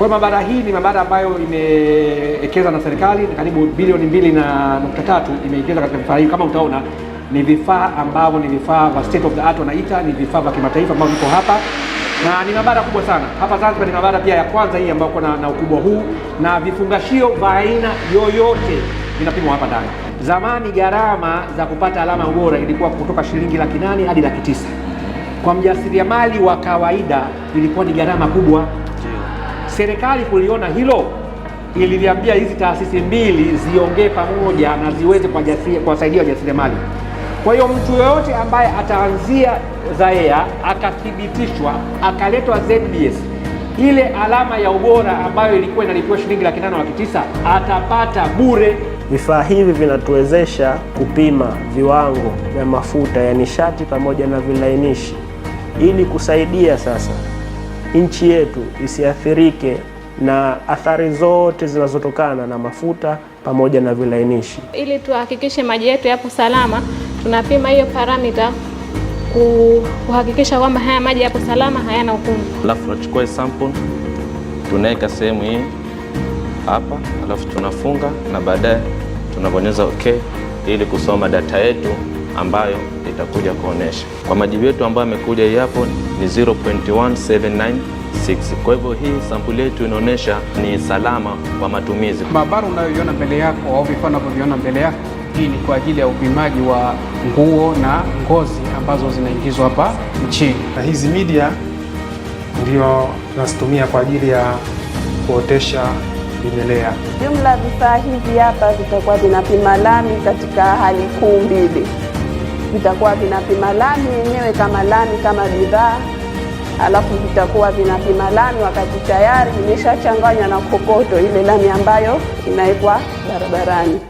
Kwa mabara maabara hii ni maabara ambayo imeekeza na serikali karibu bilioni mbili na nukta tatu imeekeza katika vifaa hivi. Kama utaona ni vifaa ambavyo ni vifaa vya state of the art, wanaita ni vifaa vya kimataifa ambavyo viko hapa na ni mabara kubwa sana hapa Zanzibar. Ni mabara pia ya kwanza hii ambayo kuna na ukubwa huu, na vifungashio vya aina yoyote vinapimwa hapa ndani. Zamani gharama za kupata alama ubora ilikuwa kutoka shilingi laki nane hadi laki tisa kwa mjasiriamali wa kawaida, ilikuwa ni gharama kubwa. Serikali kuliona hilo ililiambia hizi taasisi mbili ziongee pamoja na ziweze kuwasaidia wajasiriamali. Kwa hiyo mtu yoyote ambaye ataanzia ZAEA akathibitishwa akaletwa ZBS ile alama ya ubora ambayo ilikuwa inalipiwa shilingi laki nane laki tisa atapata bure. Vifaa hivi vinatuwezesha kupima viwango vya mafuta ya nishati pamoja na vilainishi, ili kusaidia sasa nchi yetu isiathirike na athari zote zinazotokana na mafuta pamoja na vilainishi, ili tuhakikishe maji yetu yapo salama tunapima hiyo paramita kuhakikisha kwamba haya maji yapo salama, hayana ukungu. Alafu tunachukua sample tunaweka sehemu hii hapa, alafu tunafunga na baadaye tunabonyeza okay ili kusoma data yetu ambayo itakuja kuonesha kwa majibu yetu ambayo amekuja hapo ni 0.1796. Kwa hivyo hii sampuli yetu inaonyesha ni salama kwa matumizi. Maabara unayoiona mbele yako au vifaa unavyoviona mbele yako hii ni kwa ajili ya upimaji wa nguo na ngozi ambazo zinaingizwa hapa nchini, na hizi media ndio tunazitumia kwa ajili ya kuotesha vimelea. Jumla vifaa hivi hapa vitakuwa vinapima lami katika hali kuu mbili, vitakuwa vinapima lami yenyewe kama lami kama bidhaa alafu vitakuwa vinapima lami wakati tayari imeshachanganywa na kokoto, ile lami ambayo inawekwa barabarani.